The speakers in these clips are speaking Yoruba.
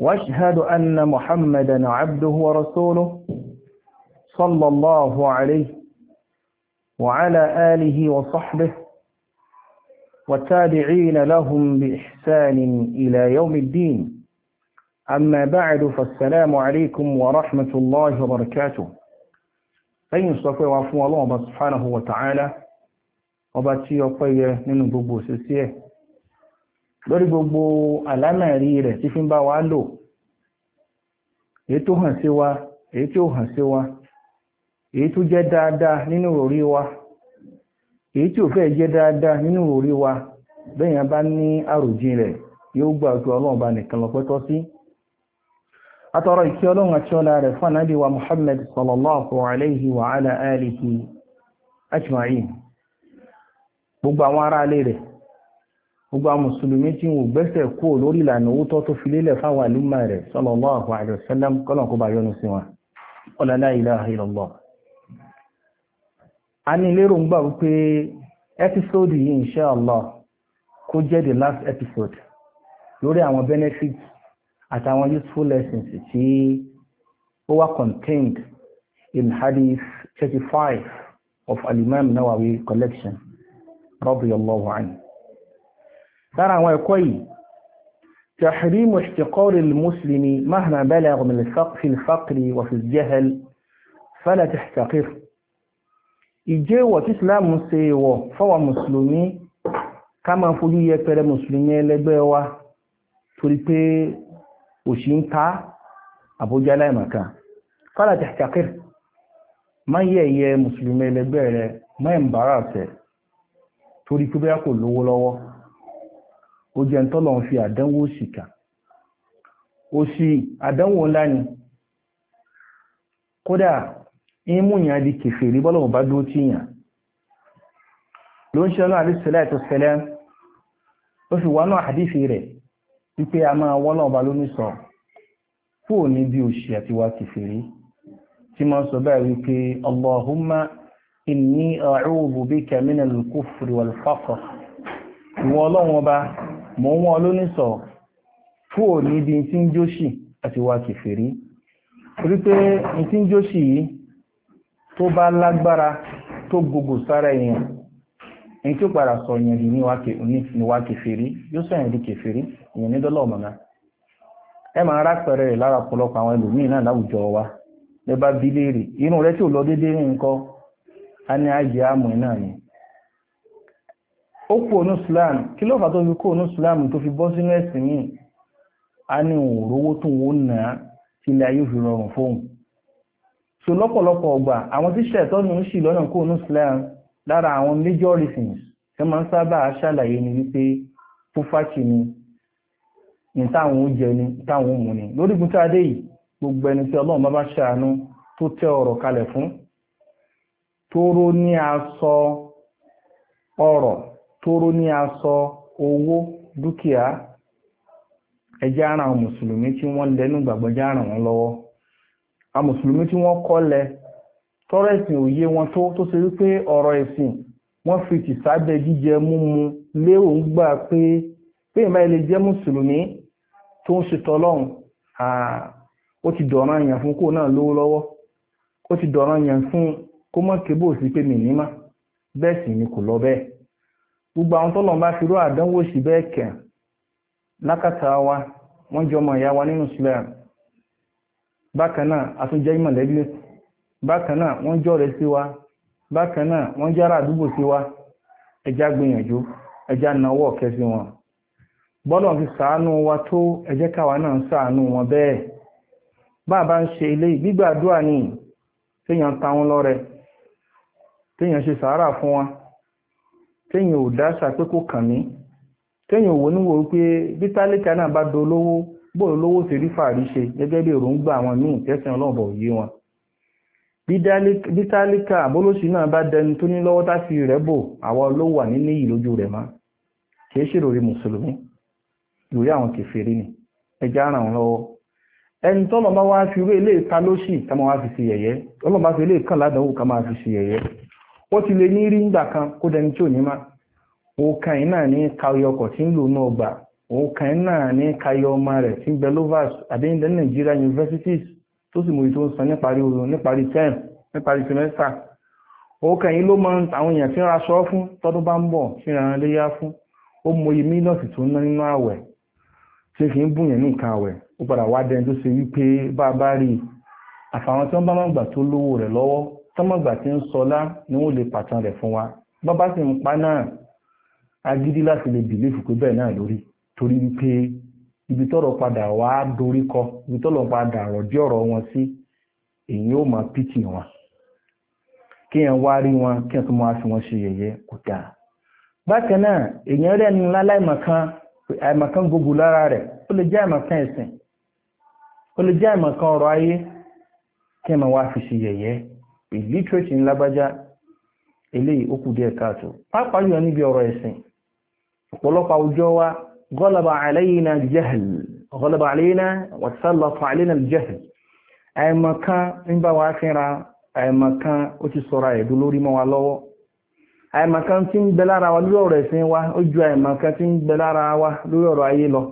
واشهد أن محمدا عبده ورسوله صلى الله عليه وعلى آله وصحبه والتابعين لهم بإحسان إلى يوم الدين أما بعد فالسلام عليكم ورحمة الله وبركاته أين صفوة وعفو الله سبحانه وتعالى وباتي وقية من بوبو سيسيه lórí gbogbo àlámẹ̀rí rẹ̀ tí fi ń bá wa lò èyí tó hàn sí wa èyí tí ó hàn sí wa èyí tó jẹ́ dáadáa nínú òrí wa èyí tí ò fẹ́ jẹ́ dáadáa nínú òrí wa bẹ́ẹ̀ yẹn bá ní àròjin rẹ̀ yóò ojú ọlọ́run nìkan atọrọ ọlọ́run àti ọlá rẹ̀ fún ànábì wa muhammad sallallahu ala alihi ajma'in gbogbo àwọn ará alé rẹ̀ gbogbo àwọn mùsùlùmí tí wọ́n gbẹ́sẹ̀ kú lórí ìlànà òótọ́ tó fi lélẹ̀ fáwọn àlùmọ̀ rẹ̀ sallallahu alaihi wasallam kọ́nà kó bá yọ́nú sí wọn ọ̀là la ilaha illallah. a ní lérò ń gbà wípé ẹ́písódì yìí insha Allah kó jẹ́ the last episode lórí àwọn benefits àtàwọn useful lessons tí ó wà contained in hadith 35 of al Nawawi collection radiyallahu anhu lára àwọn ẹ̀kọ́ yìí تحريم احتقار المسلم مهما بلغ من في الفقر وفي الجهل فلا تحتقر ìjẹ́wọ̀ tí ìsìláàmù ṣe wọ̀ fọ́wà mùsùlùmí ká máa fojú yẹpẹrẹ mùsùlùmí ẹlẹ́gbẹ́ wa torí pé òṣì ń ta àbójá láìmọ̀ká fala tahtakir má yẹ̀yẹ mùsùlùmí ẹlẹ́gbẹ́ rẹ má embarrass torí pé bẹ́ẹ̀ kò lówó lọ́wọ́ ó jẹ́ tọ́lọ̀ ń fi àdánwò òṣìkà òṣì àdánwò ńlá ni kódà ìmúyàn di kèfèrí bọ́lọ̀ bá dúró tí yàn ló ń ṣe ọlọ́run àti sẹ́lẹ̀ tó sẹ́lẹ̀ ó fi wọnú àdífi rẹ̀ wípé a máa wọ́lọ́ ọba ló ní sọ fún òní bí òṣì àti wa kèfèrí tí máa sọ báyìí wípé Allahumma inni a'udhu bika minal kufri wal faqr ìwọ ọba mọ̀ wọn lónìsọ̀ fún òní bí tí ń jóṣì àti wà kìfèrí torí pé tí ń jóṣì yìí tó gbogbo sára èèyàn padà sọ èèyàn di níwà kìfèrí yóò sọ ẹ máa rá pẹ̀rẹ̀ rẹ̀ lára ọ̀pọ̀lọpọ̀ àwọn ẹlòmíì náà láwùjọ wa lẹ́bàá bí léèrè rẹ̀ tí ò lọ déédéé nǹkan a ó kú onú islam kí ló fà tó fi kú onú islam tó fi bọ́ sínú ẹ̀sìn yìí a ní òrówó tó wọ́n nà á tí ilé ayé fi rọrùn fóun so lọ́pọ̀lọpọ̀ ọgbà àwọn tí ṣẹ̀tọ́nù ń ṣì lọ́nà kú onú islam lára àwọn major reasons ẹ máa ń sábà ṣàlàyé ni wípé fúfàkì ni ní táwọn oúnjẹ ni táwọn òmù ni lórí gúntàdé yìí gbogbo ẹni tí ọlọ́run bá bá ṣàánú tó tẹ ọ̀rọ̀ kalẹ̀ fún tóró ní aṣọ ọ̀rọ̀ tóró ní aṣọ owó dúkìá ẹjẹ́ ara àwọn mùsùlùmí tí wọ́n lẹ́nu gbàgbọ́ jẹ́ ara wọn lọ́wọ́ àwọn mùsùlùmí tí wọ́n kọ́lẹ̀ tọ́rọ̀ ẹ̀sìn òye wọn tó tó ṣe wípé ọ̀rọ̀ ẹ̀sìn wọ́n fi tì sábẹ́ jíjẹ múmu lérò ń gbà pé pé ìmọ̀ ilé jẹ́ mùsùlùmí tó ń ṣetọ́ lọ́hùn ó ti dọ̀ràn èèyàn fún kó náà lówó lọ́wọ́ ó ti dọ̀ràn èèyàn fún kó mọ̀ kébò sí pé mi má bẹ́ẹ̀ sì ni kò lọ bẹ́ẹ̀ gbogbo àwọn tó bá fi rú àdánwò sí bẹ́ẹ̀ kẹ̀ lákàtà wa wọ́n jọ ọmọ wa nínú Islam bákan náà a tún bákan náà wọ́n jọ rẹ̀ sí wa bákan náà wọ́n àdúgbò sí wa ẹjá gbìyànjú ẹjá náwó ọ̀kẹ́ sí wọn fi wa tó ẹ káwa náà ń ṣàánú wọn bẹ́ẹ̀ bá a bá ń ṣe ilé gbígbàdúrà ní téèyàn fun téèyàn ò dáṣà pé kò kàn mí téèyàn wò níwò pé bí náà bá dolówó bóòlù lówó ṣe rí ṣe gẹ́gẹ́ bí àwọn míì tẹ́sán bọ̀ wọn bí tálíkà náà bá dẹni tó lọ́wọ́ rẹ̀ bò olówó wà nínú rẹ̀ mọ́ ṣe rí mùsùlùmí lórí àwọn kèfèrí ni ẹja ràn wọn lọ́wọ́ ẹni bá wá fi wé ilé ó ti lè ní rí ńgbà kan kó dẹni tí ò ní má òǹkà yìí náà ní kayọ ọkọ̀ tí ń lò náà gbà òǹkà náà ní kayọ ọmọ rẹ̀ tí ń bẹ lovers Nigeria universities tó sì mòye ito ń san níparí oorun níparí term níparí semester òǹkà yìí ló mọ àwọn èèyàn tí ń ra aṣọ fún tọdún bá ń bọ̀ tí ń ran léyà fún ó mòye mílíọ̀nù tó ń ná nínú àwẹ̀ tí yẹn ní nǹkan àwẹ̀ ó padà wá dẹni tó ṣe wípé bá a bá rí àfàwọn tí wọ́n bá máa gbà tọ́mọ̀gbà tí ń sọlá ni wọ́n lè pàtàn rẹ̀ fún wa bọ́bá sì ń pa náà agídí láti lè bìlífù pé bẹ́ẹ̀ náà lórí torí wípé ibi tọ́rọ̀ padà wá dorí kọ ibi tọ́rọ̀ padà rọ̀dí ọ̀rọ̀ wọn sí èyí ó máa pìtì wọn kí èèyàn wá rí wọn kí èèyàn tó máa fi wọn ṣe yẹ̀yẹ́ kò dáa bákan náà èèyàn rẹ̀ ní láláìmọ̀kan àìmọ̀kan gbogbo lára rẹ̀ ó lè jẹ́ àìmọ̀kan ẹ̀sìn ó lè jẹ́ àìmọ̀kan ọ̀rọ̀ ayé kí èèyàn wá fi ṣe yẹ̀yẹ́ ìlítírèsì ní lágbájá eléyìí ó kù díẹ̀ káàtó pàápàá yóò níbi ọ̀rọ̀ ẹ̀sìn ọ̀pọ̀lọpọ̀ àwùjọ wa gọ́lọ̀bà àlẹ́yìnà jẹ́hìl gọ́lọ̀bà àlẹ́yìnà wàtàlọ́fà àlẹ́yìnà jẹ́hìl àìmọ̀kan ń bá wa fínra àìmọ̀kan ó ti sọ̀rọ̀ ẹ̀dùn lórí mọ́ wa lọ́wọ́ àìmọ̀kan tí ń bẹ lára wa lórí ọ̀rọ̀ ẹ̀sìn wa ó ju àìmọ̀kan tí ń bẹ lára wa lórí ọ̀rọ̀ ayé lọ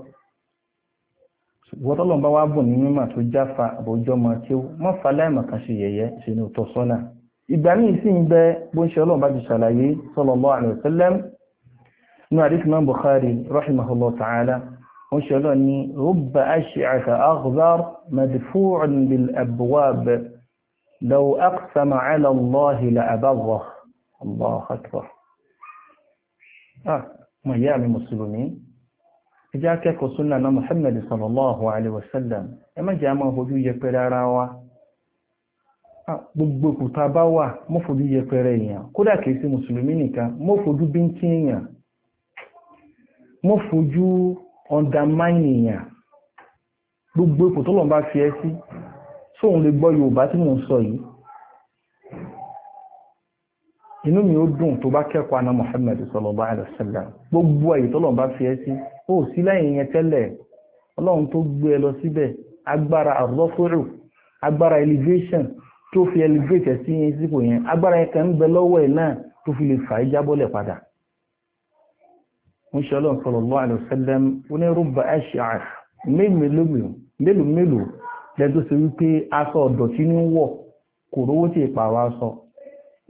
wọ́tọ́lọ́n bá wá bùn ní mímọ̀ tó jáfa àbójọ́ mọ́ tí ó mọ́ fa láìmọ̀ kan ṣe yẹ̀yẹ́ ṣe ní òótọ́ sọ́nà ìgbà míì sì ń bẹ bó ń ṣe ọlọ́run bá ti ṣàlàyé sallallahu alaihi wasallam ní àdìsí Imam Bukhari rahimahullah ta'ala wọ́n ṣe ọlọ́run ní rubba ash'atha aghbar madfu'un bil abwab law aqsama ala Allahi la abarrah Allahu akbar ah ẹjẹ́ akẹ́kọ̀ọ́ súnà náà Muhammad sallallahu alaihi wasallam ẹ má jẹ́ a máa fojú yẹpẹrẹ ara wa gbogbo òkúta bá wà mọ́ fojú yẹpẹrẹ èèyàn kódà kìí sí mùsùlùmí nìkan mọ́ fojú bíntí èèyàn mọ́ fojú undermine èèyàn gbogbo ipò tó lọ́n bá fi ẹ́ sí sóun lè gbọ́ Yorùbá tí mò ń sọ yìí inú mi ó dùn tó bá kẹ́kọ̀ọ́ àná Muhammad sallallahu alaihi wasallam gbogbo àyè tó lọ́n bá fi ẹ́ sí ó sí lẹ́yìn yẹn tẹ́lẹ̀ ọlọ́run tó gbé ẹ lọ síbẹ̀ agbára àrọ́fẹ́rò agbára elevation tó fi elevate sí yẹn sípò yẹn agbára yẹn kan ń bẹ lọ́wọ́ ẹ̀ náà tó fi lè fà á jábọ́lẹ̀ padà ń ṣe ọlọ́run sallallahu alaihi wasallam onírúbà ẹ̀ṣẹ̀ mélòó mélòó lẹ́tọ́ sí wípé aṣọ ọ̀dọ̀ tí ní wọ̀ kò rówó tí ìpàrọ̀ aṣọ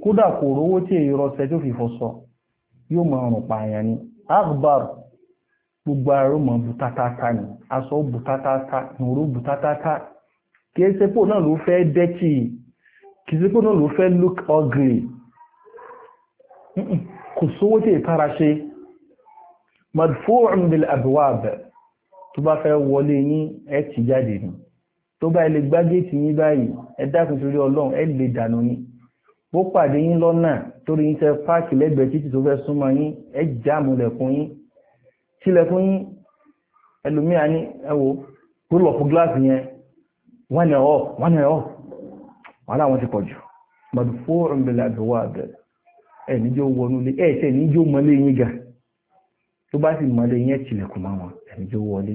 kódà kò rówó tí ìrọsẹ̀ tó fi fọ́ yóò mọ̀ ọ̀rùn pààyàn ni akbar gbogbo ara ó mọ̀ bùtátátá ni aṣọ bùtátátá nùrú bùtátátá kìí ṣe pò náà ló fẹ́ dẹ́tì kìí ṣe pò náà ló fẹ́ look ugly kò sówó tí ìtara ṣe madfu'un bil abwab tó bá fẹ́ wọlé yín ẹ ti jáde ni tó bá ilé gbágéètì yín báyìí ẹ dákun torí ọlọ́run ẹ lè dànù ni bó pàdé yín lọ́nà torí yín tẹ páàkì lẹ́gbẹ̀ẹ́ títì tó fẹ́ súnmọ́ yín ẹ jáàmù lẹ̀kùn yín sílẹ̀ fún yín ẹlòmíà ní ẹwò rule of glass yẹn one year off one year off wàhálà wọn ti pọ̀ jù mọ̀dù fóòrùn bẹ̀rẹ̀ àbẹ̀wò àbẹ̀rẹ̀ ẹ̀ níjó wọnú lé ẹ̀ tẹ̀ níjó mọ́lé yín ga tó bá sì mọ́lé yín ẹ̀ tilẹ̀kùn máa wọn ẹ̀ níjó wọlé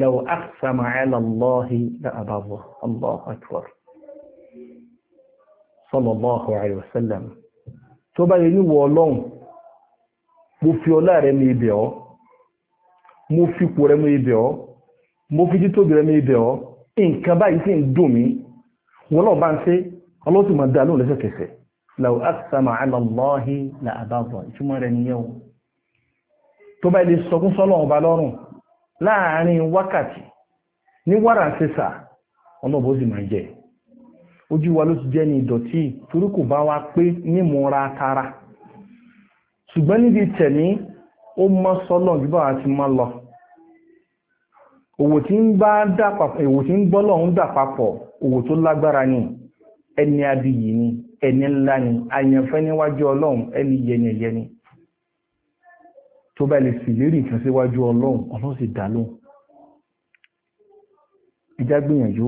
lẹ́wọ̀ àkàsàmà ẹ̀lọ́lọ́hì láàbàbọ̀ Allahu akbar mo fipò rẹ mú ibẹ̀ ọ́ mo fi títóbi rẹ mú ibẹ̀ ọ́ nǹkan báyìí sì ń dùn mí wọn náà bá ń ṣe ọlọ́sìn máa dá lóun lẹ́sẹ̀kẹsẹ̀ làwọn àkàsàmà àlọ́láhì là àbábọ̀ ìtumọ̀ rẹ̀ nìyẹn o tó bá ilé sọkún sọ́lọ́ ọba lọ́rùn láàárín wákàtí ní wàrà ṣẹṣà ọlọ́bọ̀ ó sì máa jẹ ojú wa ló ti jẹ́ ní ìdọ̀tí torí kò bá wa pé nímúra tara ṣùgbọ́n níbi tẹ̀mí ó mọ́ sọ́lọ́ ju báwa ti máa lọ òwò tí ń bá dà papọ̀ òwò tí ń bọ́lọ̀ ń dà papọ̀ òwò tó lágbára ni ẹni abiyì ni ẹni ńlá ni àyànfẹ́ níwájú ọlọ́run ẹni yẹniyẹni tó bá lè sì lérí ìkan síwájú ọlọ́run ọlọ́run sì dá lóhùn ìjà gbìyànjú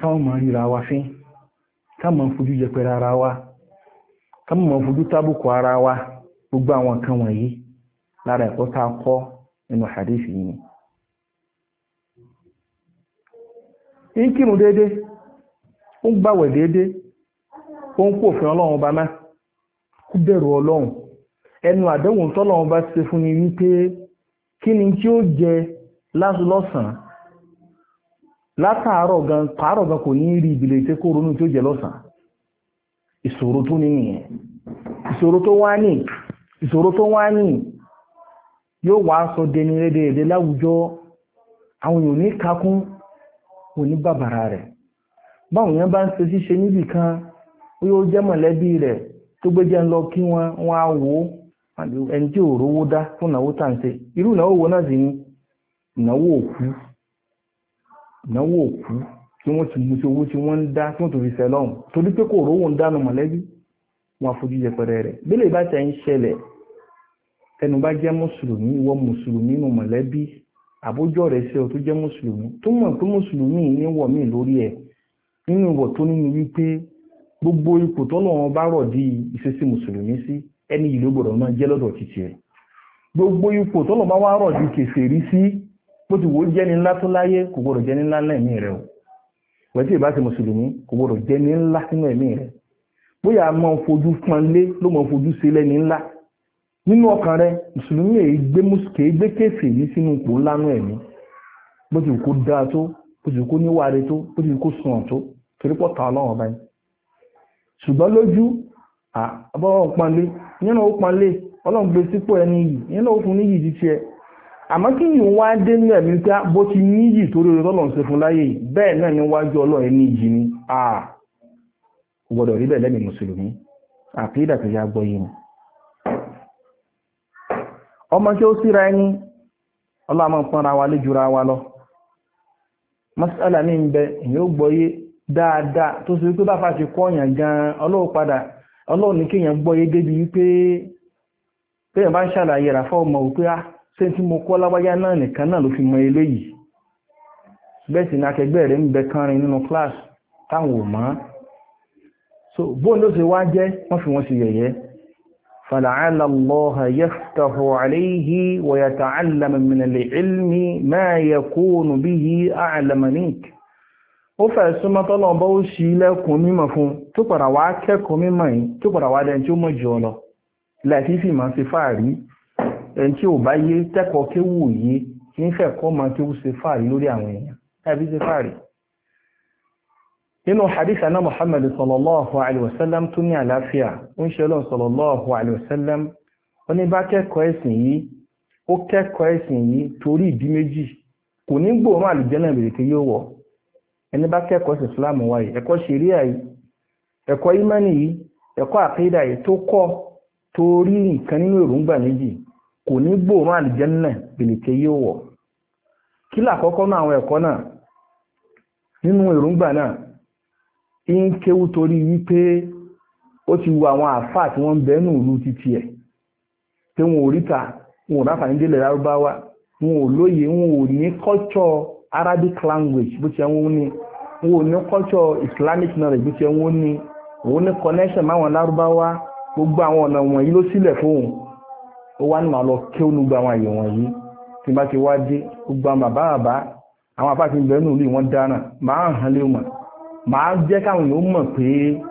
táwọn máa ríra wa fín táwọn máa fojú yẹpẹrẹ ara wa táwọn máa fojú tábùkù ara wa gbogbo àwọn nǹkan wọ̀nyí lára ẹ̀kọ́ tá a kọ́ nínú hadith yìí ni ń kírun déédé ó ń gbàwẹ̀ déédé ó ń òfin ọlọ́run ọba má kú bẹ̀rù ọlọ́run ẹnu àdéhùn tọ́lọ́run bá ṣe fún ni wípé kí ni tí ó jẹ lọ́sàn látàárọ̀ gan pàárọ̀ gan kò ní rí ìbìlẹ̀ kó ronú tí ó yóò wá sọ dẹni rédè èdè láwùjọ àwọn yóò ní kakún òní bàbàrà rẹ̀ báwọn yẹn bá ń ṣe ṣíṣe níbì kan ó yóò jẹ́ mọ̀lẹ́bí rẹ̀ tó gbé jẹ́ ń lọ kí wọ́n wọ́n á wò ó ẹni tí ò rówó dá fún ìnáwó ń ṣe irú ìnáwó wo náà sì ni ìnáwó òkú ìnáwó òkú tí wọ́n ti mú sí owó tí tẹnu bá jẹ́ mùsùlùmí ìwọ mùsùlùmí nù mọ̀lẹ́bí àbójọ́ rẹ̀ ṣe ọ tó jẹ́ mùsùlùmí tó mọ̀ pé mùsùlùmí ní wọ̀ mí lórí ẹ̀ nínú ìwọ̀ tó nínú wípé gbogbo ipò tọ́lọ́run bá rọ̀ di ìṣesí mùsùlùmí sí ẹni yìí ló gbọ́dọ̀ máa jẹ́ lọ́dọ̀ títí ẹ̀ gbogbo ipò tọ́lọ́run bá wá rọ̀ di kèfèrí sí bó ti wò jẹ́ni ńlá tó láyé kò gbọ́dọ̀ ni ńlá náà ẹ̀mí rẹ̀ o wẹ́tí ìbá ti mùsùlùmí kò gbọ́dọ̀ jẹ́ni ńlá nínú ẹ̀mí rẹ̀ bóyá máa fojú pọnlé ló máa fojú sí lẹ́ni ńlá nínú ọkàn rẹ mùsùlùmí èyí gbé mùsùlùmí gbé kéfì yìí sínú ipò ńlá nù ẹ̀mí bó ti kó dáa tó bó ti kó níwáre tó bó ti kó sunwọ̀n tó torí pọ̀ ta ọlọ́run ọba yìí ṣùgbọ́n lójú àbọ̀wọ̀n panlé yẹn náà ó panlé ọlọ́run gbé sípò ẹni yìí yẹn ó fún níyì ti tiẹ̀ àmọ́ kí yìí wá dé ní ẹ̀mí pé ah, bó ti níyì torí orí tọ́lọ́run ṣe fún láyé yìí bẹ́ẹ̀ náà ni wájú ọlọ́run ẹni yìí ni gbọ́dọ̀ rí bẹ́ẹ̀ lẹ́mìí mùsùlùmí àpéyídà ọmọ tí ó síra ẹni ọlọ́mọ pọ́nra wa lè jura wa lọ masala mi ń bẹ èyàn ó gbọ́yé dáadáa tó sì wípé báfà ti kọ́ ọ̀yàn gan-an ọlọ́wọ́ padà ọlọ́wọ́ ní kéèyàn gbọ́yé débi wípé téèyàn bá ń ṣàlàyé rà fọ́ wípé ah, á fi mọ eléyìí bẹ́ẹ̀ sì ni akẹgbẹ́ rẹ̀ ń bẹ kánrin nínú kíláàsì táwọn ò so bóun ló ṣe wá jẹ́ fi wọn yẹ̀yẹ́ فلعل الله يفتح عليه ويتعلم من العلم ما يكون به أعلم منك ó fẹ́ súnmọ́ tọ́lọ̀ bá ó ṣí lẹ́kùn mímọ̀ fún tó padà wá kẹ́kọ̀ọ́ mímọ̀ yìí tó padà wá dẹni tí ó mọ̀ lọ láti sì máa ṣe fáàrí ẹni tí ò bá yé tẹ́kọ̀ọ́ kéwù yìí kí fẹ́ kọ́ máa kéwù ṣe fáàrí lórí àwọn èèyàn láti ṣe fáàrí nínú hadith aná muhammadu sallallahu alaihi wasallam tó ní àlàáfíà ń ṣe lọ sallallahu alaihi wasallam ó ní bá kẹ́kọ̀ọ́ ẹ̀sìn yìí ó kẹ́kọ̀ọ́ ẹ̀sìn yìí torí ìdí méjì kò ní gbòòrùn àlùjẹ́nà ìbèrèké yóò wọ̀ ẹni bá kẹ́kọ̀ọ́ sí islam wáyé ẹ̀kọ́ ṣẹ̀ríà yìí ẹ̀kọ́ ìmánì yìí ẹ̀kọ́ àkídà yìí tó kọ́ torí nǹkan nínú èròǹgbà méjì kò ní gbòòrùn àlùjẹ́nà ìbèrèké yóò wọ̀ kí làkọ́kọ́ náà àwọn ẹ̀kọ́ náà nínú èròǹgbà náà ń kéwú torí wípé ó ti wo àwọn àfáà tí wọ́n ń bẹ́nu ìlú títí ẹ̀ tí wọn ò ríta wọn ò ráfàní délẹ̀ lárúbáwá wọn ò lóye wọn ò ní culture Arabic language bó ṣe wọn ní wọn ò ní culture Islamic knowledge bó ṣe wọn ní òun ní connection máwọn lárúbáwá gbogbo àwọn ọ̀nà wọ̀nyí ló sílẹ̀ fóun ó wá ní màá lọ kéwú nígbà àwọn àyè wọ̀nyí tí bá ti wá dé gbogbo àwọn bàbá bàbá àwọn àfáà ti ń bẹ́nu màá jẹ́ káwọn yóò mọ̀ pé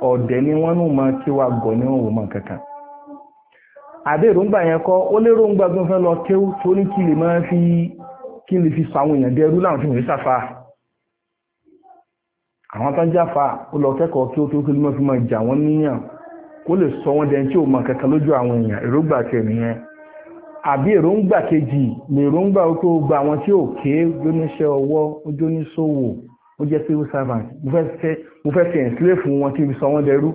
ọ̀dẹ̀ ni wọ́n ń mọ kéwà gọ̀ ní òun mọ̀ kankan àbẹ̀ròǹgbà yẹn kọ́ ó lérò ń gbàgbọ́n fẹ́ lọ kéwù tó ní kí lè máa fi kí lè fi sàwọn èèyàn dẹrú láwọn fíìmù ìsàfà àwọn tó ń jáfa ó lọ kẹ́kọ̀ọ́ kí ó tó kí lè máa jà wọ́n níyàn kó lè sọ wọ́n dẹni tí ò mọ̀ kankan lójú àwọn èèyàn èròǹgbà tiẹ̀ àbí èròǹgbà kejì ni èròǹgbà ó tó gba àwọn tí ò ké jóníṣẹ́ ó jẹ́ civil servant mo fẹ́ fi ẹ̀sílẹ̀ fún wọn kí ibi sọ wọ́n dẹrú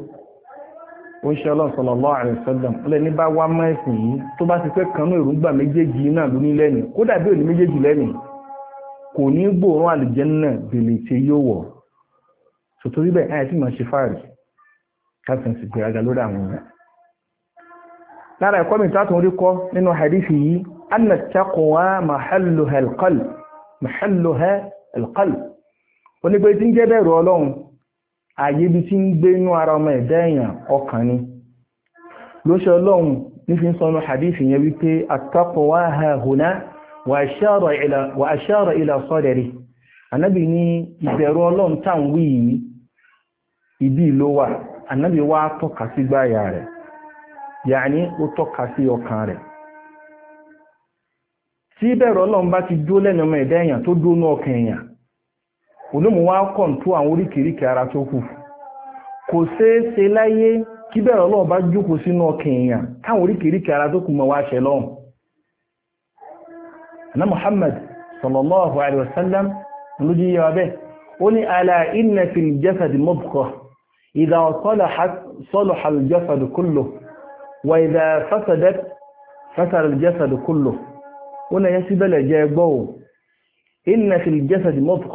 ó ń ṣe ọlọ́run sallallahu alaihi wasallam ó lẹ́ni bá wá mọ́ ẹ̀sìn yìí tó bá ti fẹ́ kanú èròǹgbà méjèèjì náà ló ní lẹ́nu kódà bí òní méjèèjì lẹ́nu kò ní gbòòrùn àlùjánnà bèlè tí yóò wọ̀ sòtórí bẹ́ẹ̀ ẹ̀ tí mà ṣe fáàrí káfíń sì gbéraga lórí àwọn èèyàn lára ẹ̀kọ́ mi tààtùn orí kọ́ nínú hadithi yìí anna taqwa mahalluha alqalb mahalluha alqalb onípe tí ń jẹ́ bẹ̀rù ọlọ́run ààyè ibi tí ń gbé inú ara ọmọ ẹ̀dá èèyàn ọkàn ni ló ọlọ́run ní hadith yẹn wípé ha hùnà wa ashara ila sadri anábì ní ìbẹ̀rù ọlọ́run táwọn wí ibi ló wà anábì wá tọ́ka sí gbáyà rẹ̀ yàní ó tọ́ka sí ọkàn rẹ̀ tí bẹ̀rù ọlọ́run bá ti lẹ́nu ọmọ ẹ̀dá onímọ̀ wá kọ̀ǹtó àwọn oríkèéríkèé ara tó kù kò ṣeé ṣe láyé kí bẹ̀rẹ̀ ọlọ́run bá jókòó sínú ọkàn èèyàn táwọn oríkèéríkèé ara tó kù mọ̀ wá ṣẹ lọ́hùn ana muhammad sallallahu alaihi wasallam lójú yíya bẹ́ ó ní ala inna fil jasadi mudghah idha salahat salaha al jasadu kulluh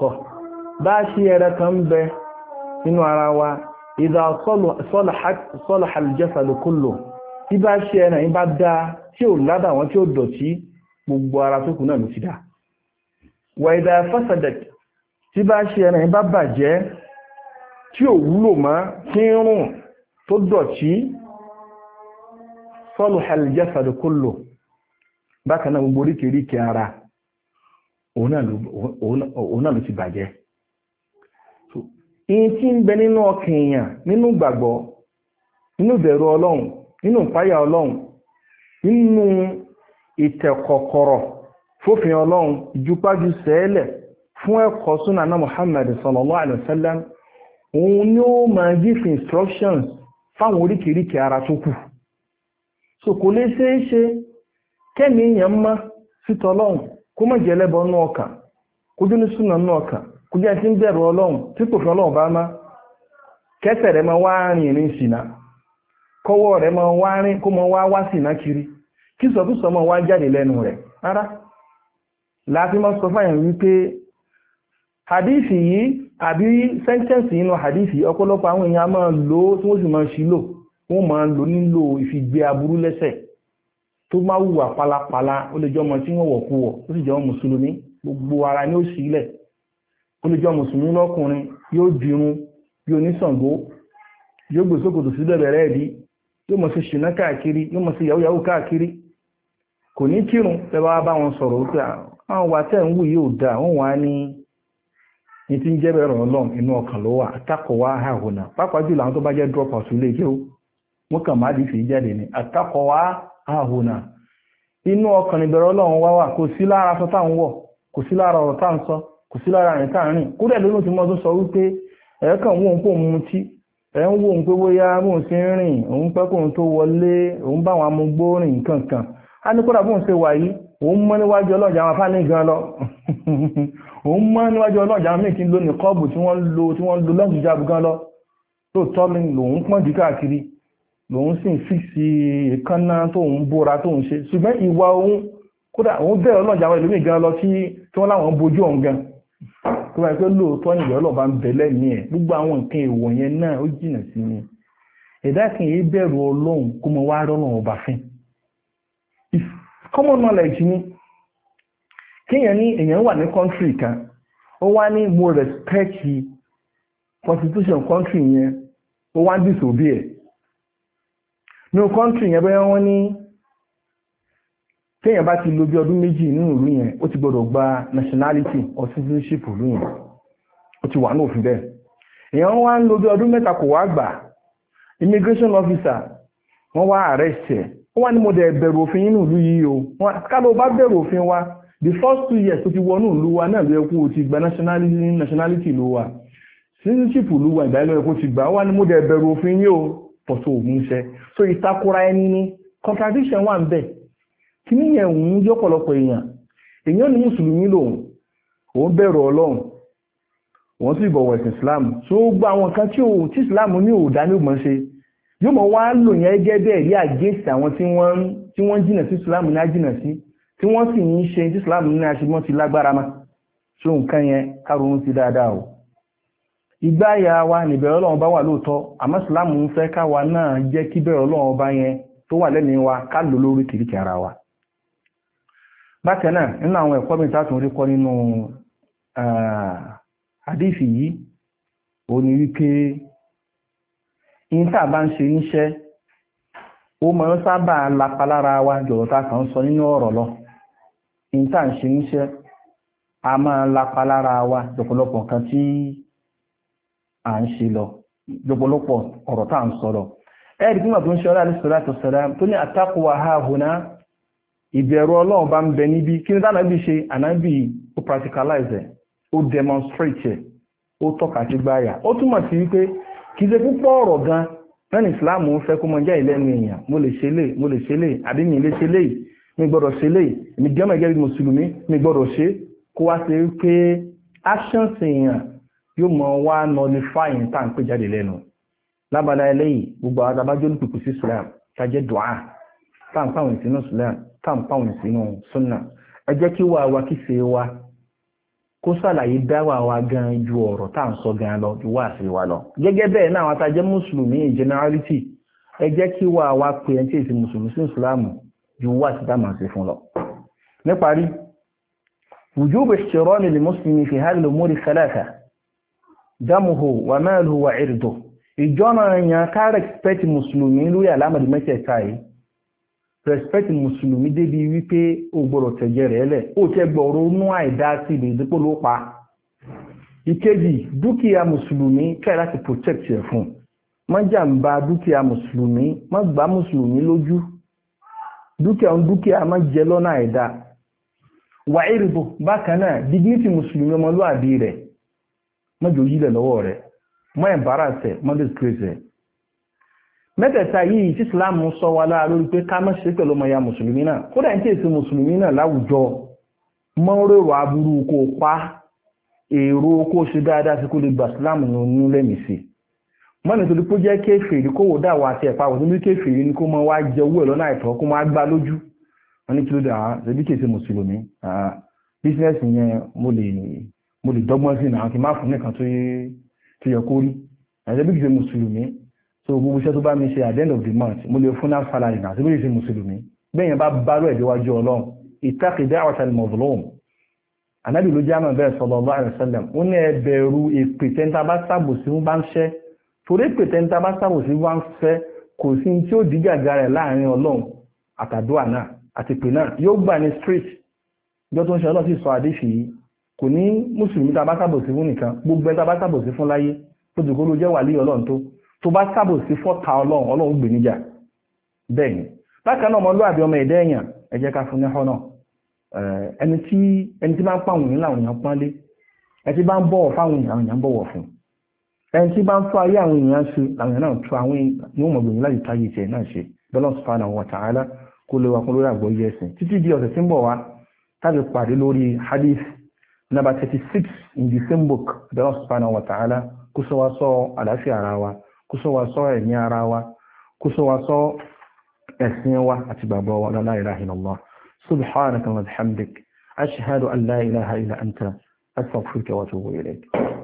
wa bá ṣe ẹ̀rẹ́ kan bẹ nínú ara wa ìdá sọ́lọ̀ àlùjẹ́sàlù kúlò tí bá ṣe ẹ̀rẹ́ yìí bá dá tí ò ládà wọn tí ó dọ̀tí gbogbo ara tó kù náà ló ti dá wà ìdá fásàdẹ̀ tí bá ṣe ẹ̀rẹ́ yìí bá bàjẹ́ tí ò wúlò mọ́ tí ń rùn tó dọ̀tí sọ́lọ̀ bákan náà gbogbo oríkèéríkèé ara òun náà ló ti bàjẹ́ ìyìn tí ń bẹ nínú ọkàn èèyàn nínú gbàgbọ́ nínú ìbẹ̀rù ọlọ́run nínú ìpáyà ọlọ́run nínú ìtẹ̀kọ̀kọ̀rọ̀ fófin ọlọ́run ìjúpájú sẹ́ẹ̀lẹ̀ fún ẹ̀kọ́ súnà náà Muhammad sallallahu alaihi wasallam òun ni ó máa give instructions fáwọn oríkèríkè ara tó kù so kò lè ṣeé ṣe kẹ́mi èèyàn mọ́ sítọ́ ọlọ́run kó jẹ́ kójú ní súnà kó jẹ́ tí ń bẹ̀rù ọlọ́run tí kò fi ọlọ́run bá má kẹsẹ̀ rẹ̀ máa wá rìn ìrìn sìnà kọ́wọ́ rẹ̀ máa wá rìn kó máa wá wá sìnà kiri kí sọ̀túsọ máa wá jáde lẹ́nu rẹ̀ rárá láti máa sọ fáyàn wípé hadisi yìí àbí sẹ́ńtẹ́ǹsì inú hadisi ọ̀pọ̀lọpọ̀ àwọn èèyàn máa lò ó tí wọ́n sì máa ṣí lò wọ́n máa lò nílò ìfigbé aburú lẹ́sẹ̀ tó máa wùwà pálapàla ó lè jọ ọmọ tí wọ́n wọ̀ kú wọ̀ ó sì jẹ́ ọmọ mùsùlùmí gbogbo ara ni ó sílẹ̀ oníjọ́ mùsùlùmí lọ́kùnrin yóò dirun yóò ní Ṣàngó yóò gbé sókòtò sí bẹ̀bẹ̀rẹ̀ ẹ̀dí yóò mọ̀ sí ṣìnà káàkiri yóò mọ̀ sí yahoo káàkiri kò ní kírun bá wọn sọ̀rọ̀ wípé ah, àwọn wà tẹ́ ń wù yóò dáa wọ́n wà ní ní tí ń jẹ́ bẹ̀rẹ̀ ọlọ́run inú ọkàn ló wà àhùnà pàápàá jùlọ àwọn tó bá jẹ́ drop out wọ́n kàn ọkàn ìbẹ̀rẹ̀ ọlọ́run wá kò sí lára rìn káàrin kódà lónìí tí mo tún sọ wípé ẹ̀ẹ́kàn wọ́n pò mú tí ẹ̀ ń wò ń pé bóyá bóun ṣe ń rìn òun pẹ́ kóun tó wọlé òun bá àwọn amúgbó rìn kankan á ní kódà bóun ṣe wà yìí òun mọ́ níwájú ọlọ́jà àwọn afáàní gan lọ òun mọ́ níwájú ọlọ́jà àwọn méjì lónìí kọ́ọ̀bù tí wọ́n lo tí wọ́n lo lọ́ọ̀jù jáàbù gan lọ tó tọ́ mi lòun pọ́n jù káàkiri lòun sì ń fíìsì ìkànnà tóun bóra tóun ṣe ṣùgbọ́n ìwà òun kódà òun bẹ̀rẹ̀ ọlọ́jà àwọn ìlú mi gan lọ tí wọ́n láwọn bojú òun gan tó bá yẹ pé lóòótọ́ nìyẹn ọlọ́ba ń bẹ lẹ́mí ẹ̀ gbogbo àwọn nǹkan èèwọ̀ yẹn náà ó jìnà sí ni ẹ̀dá kan yìí bẹ̀rù ọlọ́run kó mọ ọba fún common knowledge ni kéèyàn ní èèyàn wà ní country kan ó wá ní mo respect constitution country yẹn ó wá disobey ẹ̀ ní country yẹn bẹ́ẹ̀ wọ́n ní. téèyàn bá ti lò bí ọdún méjì nínú ìlú yẹn ti gbọdọ̀ gba nationality or citizenship ìlú yẹn ó ti wà ní òfin bẹ́ẹ̀ èèyàn wá ń lò bí ọdún mẹ́ta kò wá immigration officer wọ́n wá arrest ẹ̀ wọ́n wá ní mo dẹ̀ bẹ̀rù òfin nínú ìlú yìí o ló bá bẹ̀rù òfin wa the first two years tó ti wọnú ìlú wa náà ló yẹ kó o ti gba nationality ìlú wa citizenship ìlú wa ti gbà wá ní mo dẹ̀ bẹ̀rù òfin so ìtakora ẹni contradiction wà kí ní yẹn ń yọ́ pọ̀lọpọ̀ èèyàn èèyàn ni mùsùlùmí lòun òun bẹ̀rù ọlọ́run wọ́n sì bọ̀wọ̀ ẹ̀sìn islam tó gba àwọn nǹkan tí tí islam ní òòdá ní ògbọ́n ṣe yóò mọ̀ wá lò yẹn gẹ́ bẹ́ẹ̀ rí àgéṣì àwọn tí wọ́n tí wọ́n jìnà sí islam ní àjìnà sí tí wọ́n sì ń ṣe tí islam ní àṣemọ́ ti lágbára ma ṣó nǹkan yẹn káròún sí dáadáa o ìgbáyà wa níbẹ̀rẹ̀ ọlọ́run bá wà lóòótọ́ àmọ́ islam ń fẹ́ káwa náà jẹ́ kí bẹ̀rẹ̀ ọlọ́run bá yẹn tó wà lẹ́nu wa ká lò lórí kìrìkì ara wa bákan náà nínú àwọn ẹ̀kọ́ mi tààtùn rí kọ́ nínú àdífì yìí ó ní wípé ìyíntà bá ń ṣe níṣẹ́ ó máa ń sábà lapa wa jọ̀rọ̀ ta kàn lọ ìyíntà ń ṣe níṣẹ́ a máa lapa wa lọ́pọ̀lọpọ̀ kan tí lọ lọ́pọ̀lọpọ̀ ọ̀rọ̀ tá à ń lọ tó ń ṣe ọlá àdìsọ́lá tó tó ní ha ìbẹ̀rù ọlọ́run bá ń bẹ níbi kí ní tánàbí ṣe ànábì ó practicalize ẹ̀ ó demonstrate ẹ̀ ó tọ́ka sí gbáyà ó túmọ̀ sí wípé kì í ṣe púpọ̀ ọ̀rọ̀ gan náà ní islam ń fẹ́ kó mọ jẹ́ ìlẹ́nu èèyàn mo lè ṣe lè mo lè ṣe lè àbí mi lè ṣe lè mi gbọ́dọ̀ ṣe lè mi jẹ́mọ̀ gẹ́gẹ́ bí mùsùlùmí mi gbọ́dọ̀ ṣe kó wá ṣe pé actions èèyàn yóò mọ wá nullify tá à ń pè jáde lẹ́nu lábala eléyìí gbogbo àwọn abájọ́ olùpìpì sí islam tá dùá tá à ń pàwọn ìsinú islam tàǹpáwọn sínú súnà ẹ jẹ́ kí wàá wa kí ṣe wa kó sàlàyé dáwà wa gan ju ọ̀rọ̀ tá à ń sọ gan lọ ju wá sí wa lọ gẹ́gẹ́ bẹ́ẹ̀ náà àwọn atajẹ́ mùsùlùmí in generality ẹ jẹ́ kí wàá wa pé ẹni tí èsì mùsùlùmí sí ìsìláàmù ju wá sí dáàmà sí fún lọ níparí وجوب احترام المسلم في هذه الأمور الثلاثة دمه وماله وعرضه ìjọ́nà èèyàn ká respect mùsùlùmí lórí àlámọ̀rí mẹ́tẹ̀ẹ̀ta yìí respect mùsùlùmí débi wípé o gbọ́dọ̀ tẹ̀jẹ̀ rẹ̀ lẹ̀ o tẹ gbọ̀rọ̀ nú àìdá sí ibè dípò ló pa ìkejì dúkìá mùsùlùmí kẹ́ láti protect ẹ̀ fún má jàǹbá dúkìá mùsùlùmí má gbá mùsùlùmí lójú dúkìá ń dúkìá má jẹ lọ́nà àìdá wà ìrìbò bákan náà dignity mùsùlùmí ọmọlúwàbí rẹ̀ má jòyí lẹ̀ lọ́wọ́ rẹ̀ má embarrass ẹ̀ má disgrace ẹ̀ mẹ́tẹ̀ẹ̀ta yìí tí islam sọ wa lára lórí pé ká má ṣe pẹ̀lú ọmọ ya mùsùlùmí náà kódà ní tèsí mùsùlùmí náà láwùjọ mọ́ rèrò aburú kó pa èrò kó ṣe dáadáa sí kó lè gba islam ní onílẹ̀mìsì mọ́ nítorí pé jẹ́ kéfèrí kó wò dáwọ̀ àti ẹ̀pá wò níbi kéfèrí ni kó mọ wá jẹ owó ẹ̀ lọ́nà àìtọ́ kó máa gbá lójú wọn ní kílódé àwọn ṣẹbi kèsì mùsùlùmí bísínẹ́sì yẹn mo lè dọ́gbọ́n sí ní àwọn kì má fún nìkan tó yẹ kó rí àṣẹbi kèsì mùsùlùmí so gbogbo iṣẹ́ tó bá mi ṣe at the end of the month mo lè fún náà salary náà síbí ìṣe mùsùlùmí bẹ́ẹ̀ yẹn bá bárò ẹ̀ déwájú ọlọ́run ìtàkìdá ọ̀tàlì mọ̀ọ́lọ́hùn ànábì ló jáàmù bẹ́ẹ̀ sallallahu alaihi wasallam ó ní ẹ bẹ̀rù èpè tẹ́ńtà bá sàbòsí wọn bá ń ṣẹ́ torí èpè tẹ́ńtà ń fẹ́ kò sí street ìjọ tó ń ṣe ọlọ́run sì sọ àdéṣì yìí kò ní mùsùlùmí tá a bá sàbòsí tó bá sábò sí fọ́ta ọlọ́run ọlọ́run gbè níjà bẹ́ẹ̀ ni bákan náà ọmọlúwàbí ọmọ ẹ̀dá èèyàn ẹ jẹ́ ká fún ní ọ̀nà ẹni tí ẹni tí bá ń pàwọn èèyàn làwọn èèyàn pọ́nlé ẹni tí bá ń bọ̀wọ̀ fáwọn èèyàn àwọn èèyàn bọ̀wọ̀ fún ẹni tí bá ń fọ ayé àwọn èèyàn ṣe làwọn èèyàn náà tú àwọn ní ó láti táyé tiẹ̀ wa ta'ala kó lè wà kún lórí six in the same book bọ́lá subhanahu wa ta'ala kó sọ wá ara wa kó sọ wa sọ ẹ̀mí ara wa kó sọ wa sọ ẹ̀sìn wa àti bàbá wa la ilaha illallah subhanaka wa bihamdik ashhadu an la ilaha illa anta astaghfiruka wa atubu ilayk